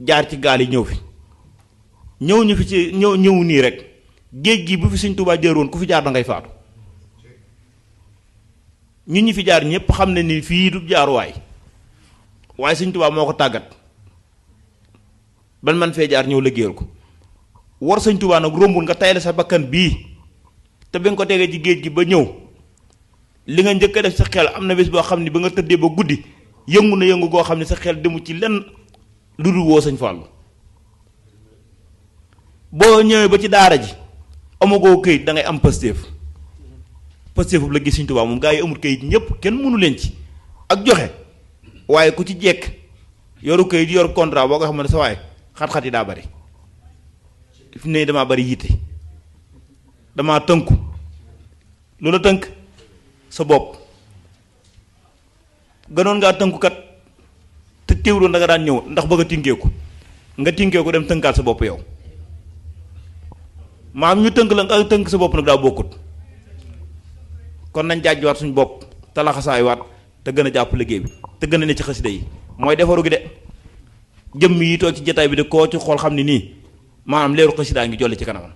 jaar ci gaal yi ñëw fi ñëw ñu fi ci ñëw ñëw nii rek géej gi bu fi Sëñ Tuubaa jër woon ku fi jaar da ngay faatu ñun ñu fi jaar ñëpp xam ne ni fii du jaaruwaay waaye Sëñ Tuubaa moo ko tàggat ban man fee jaar ñëw liggéeyal ko war Sëñ Tuubaa nag rombul nga tayle sa bakkan bii te bi nga ko tegee ci géej gi ba ñëw li nga njëkk def sa xel am na bés boo xam ne ba nga tëddee ba guddi yëngu na yëngu goo xam ne sa xel demu ci lenn lu dul woo sëñ Fallou boo ñëwee ba ci daara ji amagoo këyit dangay am Pastef Pastef bu la gis sëñ Tuubaa moom gaa yi amul këyit ñëpp kenn mënu leen ci ak joxe waaye ku ci jekk yoru këyit yor contrat boo ko xam ne sa waaye xat-xat yi daa bari fi ne damaa bari yitte damaa tënku loola tënk sa bopp gënoon ngaa tënkukat teewloon da nga daan ñëw ndax bëgg a tinkeeku nga tinkeeku dem tënkaat sa bopp yow maam ñu tënk la nga tënk sa bopp nag daa bokkut kon nañ jaajwaat suñu bopp te laxasaaywaat te gën a jàpp liggéey bi te gën a ne ci xasida yi mooy defaru gi de jëmm yi toog ci jataay bi de koo ci xool xam ne nii maanaam leeru xasidaa ngi jolli ci kanamam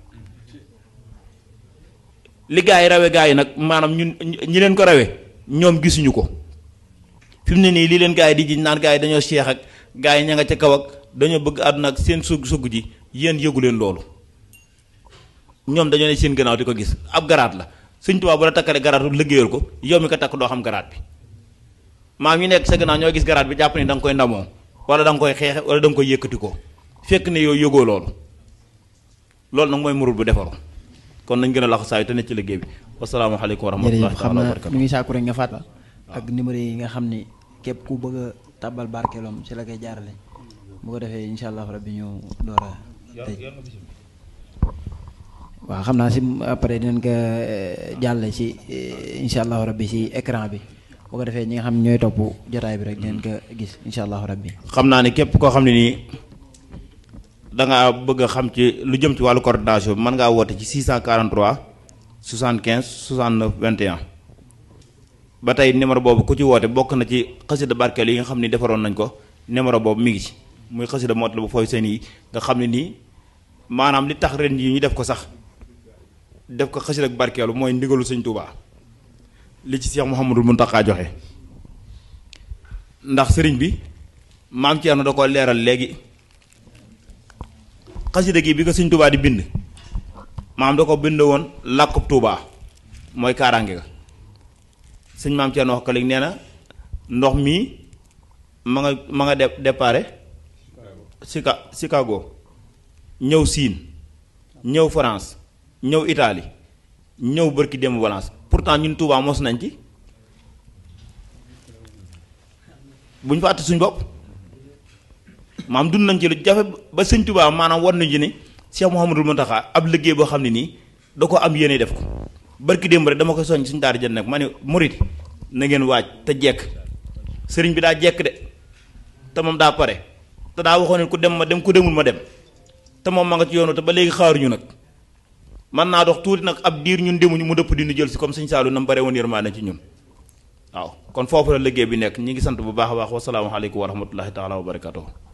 li gaa yi rawe gaa yi nag maanaam ñu ñi leen ko rawe ñoom gisuñu ko fi mu ne nii lii leen gars yi di jiñ naan gaay yi dañoo seex ak gars yi ña nga ca kaw ak dañoo bëgg àdduna ak seen sugg sugg ji yéen yëgu leen loolu ñoom dañoo ne seen gannaaw di ko gis ab garaat la suñ Tuubaa bu la takkalee garaatu liggéeyal ko yow mi ko takk doo xam garaat bi maam ñu nekk sa gannaaw ñoo gis garaat bi jàpp ni da nga koy ndamoo wala da nga koy xeexe wala da koy yëkkati ko fekk ne yow yëgoo loolu loolu nag mooy murul bu defaru kon nañ gën a laxu ci liggéey bi wasalaamaaleykum wa rahmatulah. jërëjëf xam ngi sàkku rek nga fàttal yi nga xam ni képp ku bëgg a tàbbal barkeeloom ci la koy jaarale bu ko defee incha allah rabbi ñu door a tëj xam naa si après dinañ ko eh, jàll ci eh, incha allah rabbi ci écran bi bu ko defee ñi nga xam ñooy topp jotaay bi rek dinañ ko gis incha allah rabbi. xam naa ne képp koo xam ne nii da bëgg a xam ci lu jëm ci wàllu coordination bi mën ngaa woote ci 643 75 69 21. ba tey numéro boobu ku ci woote bokk na ci xasida barkeel yi nga xam ni defaroon nañ ko numéro boobu mi ngi ci muy xasida mottali bu fooy seen yi nga xam ne nii maanaam li tax ren yi ñu def ko sax def ko xasida barkeelu mooy ndigalu sëñ Tuubaa li ci Seex Muhammadul Muntaxaa joxe ndax sëriñ bi maam Thierno da ko leeral léegi xasida gi bi ko sëñ Tuubaa di bind maam da ko bind woon làkkub Tuubaa mooy kaaraange ga sëñ maam Thierno wax ko léegi nee na ndox mi ma nga ma nga de dépare Chica Chicago ñëw Siin ñëw France ñëw Italie ñëw bërki démb Valence pourtant ñun Touba mos nañ ci bu ñu fa àtt suñ bopp maam dund nañ ci lu jafe ba sëñ Touba maanaam war nañu ci ni Cheikh Mouhamadul Mountakha ab liggéey boo xam ne nii da ko am yéene def ko barki démb rek dama ko soñ suñu daara jën nag ma ne murit na ngeen waaj te jekk sëriñ bi daa jekk de te moom daa pare te daa waxoon ne ku dem ma dem ku demul ma dem te moom ma nga ci yoonu te ba léegi xaaruñu nag man naa dox tuuti nag ab diir ñun demuñu mu dëpp di ñu jël si comme sëñ Saalu na mu bare woon yërmaane ci ñun waaw kon foofu la liggéey bi nekk ñi ngi sant bu baax a baax wasalaamaaleykum wa rahmatullahi taala wa barakatuh